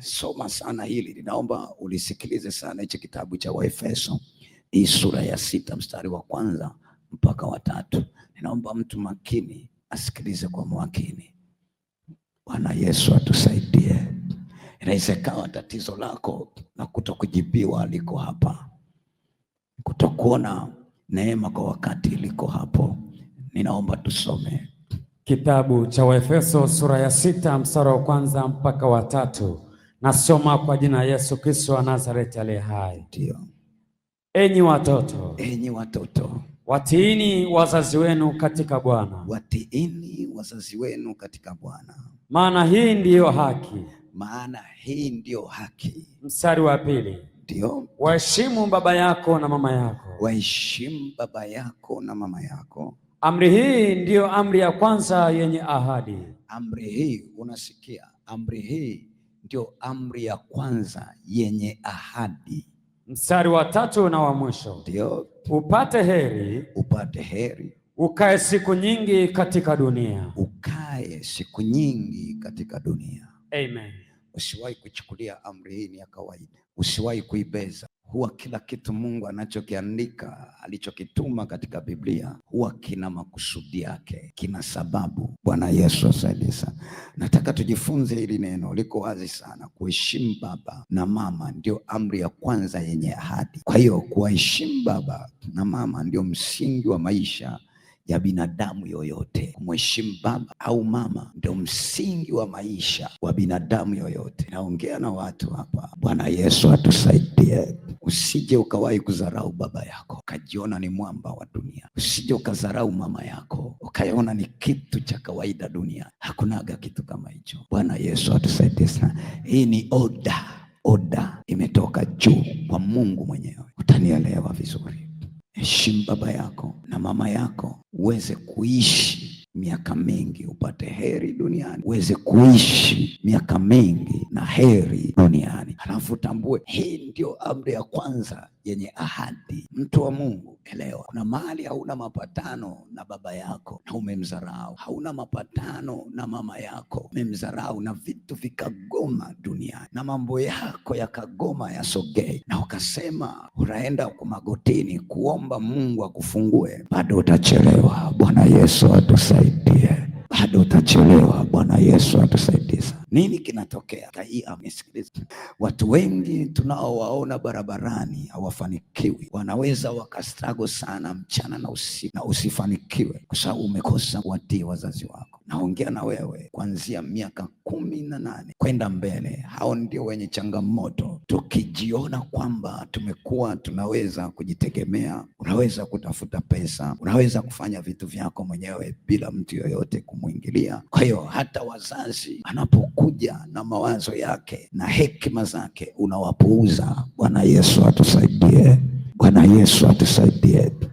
Soma sana hili, ninaomba ulisikilize sana hichi kitabu cha Waefeso, hii sura ya sita mstari wa kwanza mpaka wa tatu. Ninaomba mtu makini asikilize kwa makini. Bwana Yesu atusaidie. Inawezekana tatizo lako na kutokujibiwa liko hapa, kutokuona neema kwa wakati liko hapo. Ninaomba tusome kitabu cha Waefeso sura ya sita mstari wa kwanza mpaka wa tatu. Nasoma kwa jina Yesu Kristo wa Nazareti aliye hai. Ndio. Enyi watoto, enyi watoto, watiini wazazi wenu katika Bwana, watiini wazazi wenu katika Bwana, maana hii ndiyo haki, maana hii ndiyo haki. Mstari wa pili. Ndio. Waheshimu baba yako na mama yako, waheshimu baba yako na mama yako. Amri hii ndiyo amri ya kwanza yenye ahadi. Amri hii, unasikia? Amri hii ndio amri ya kwanza yenye ahadi. Mstari wa tatu na wa mwisho, ndio upate heri, upate heri, ukae siku nyingi katika dunia, ukae siku nyingi katika dunia. Amen. Usiwahi kuchukulia amri hii ni ya kawaida, usiwahi kuibeza. Huwa kila kitu Mungu anachokiandika alichokituma katika Biblia huwa kina makusudi yake, kina sababu. Bwana Yesu asaidie sana. Nataka tujifunze hili neno, liko wazi sana. Kuheshimu baba na mama ndio amri ya kwanza yenye ahadi. Kwa hiyo kuwaheshimu baba na mama ndio msingi wa maisha ya binadamu yoyote. Kumheshimu baba au mama ndio msingi wa maisha wa binadamu yoyote. Naongea na watu hapa. Bwana Yesu atusaidie. Usije ukawahi kudharau baba yako ukajiona ni mwamba wa dunia. Usije ukadharau mama yako ukaona ni kitu cha kawaida dunia. Hakunaga kitu kama hicho. Bwana Yesu atusaidie sana. Hii ni oda, oda imetoka juu kwa Mungu mwenyewe. Utanielewa vizuri. Heshimu baba yako na mama yako uweze kuishi miaka mingi upate heri duniani, uweze kuishi miaka mingi na heri duniani. Halafu tambue, hii ndio amri ya kwanza yenye ahadi. Mtu wa Mungu, elewa, kuna mahali hauna mapatano na baba yako na umemdharau, hauna mapatano na mama yako umemdharau, na vitu vikagoma duniani na mambo yako yakagoma yasogei, na ukasema unaenda kwa magotini kuomba Mungu akufungue, bado utachelewa. Bwana Yesu atusaidie. Bado utachelewa. Bwana Yesu atusaidie sana. Nini kinatokea? Amesikiliza. Watu wengi tunaowaona barabarani hawafanikiwi, wanaweza wakastrago sana mchana na usiku na usifanikiwe kwa sababu umekosa kuwatii wazazi wako. Naongea na wewe kuanzia miaka kumi na nane kwenda mbele, hao ndio wenye changamoto tukijiona kwamba tumekuwa tunaweza kujitegemea, unaweza kutafuta pesa, unaweza kufanya vitu vyako mwenyewe bila mtu yoyote kumwingilia. Kwa hiyo hata wazazi anapokuja na mawazo yake na hekima zake unawapuuza. Bwana Yesu atusaidie. Bwana Yesu atusaidie.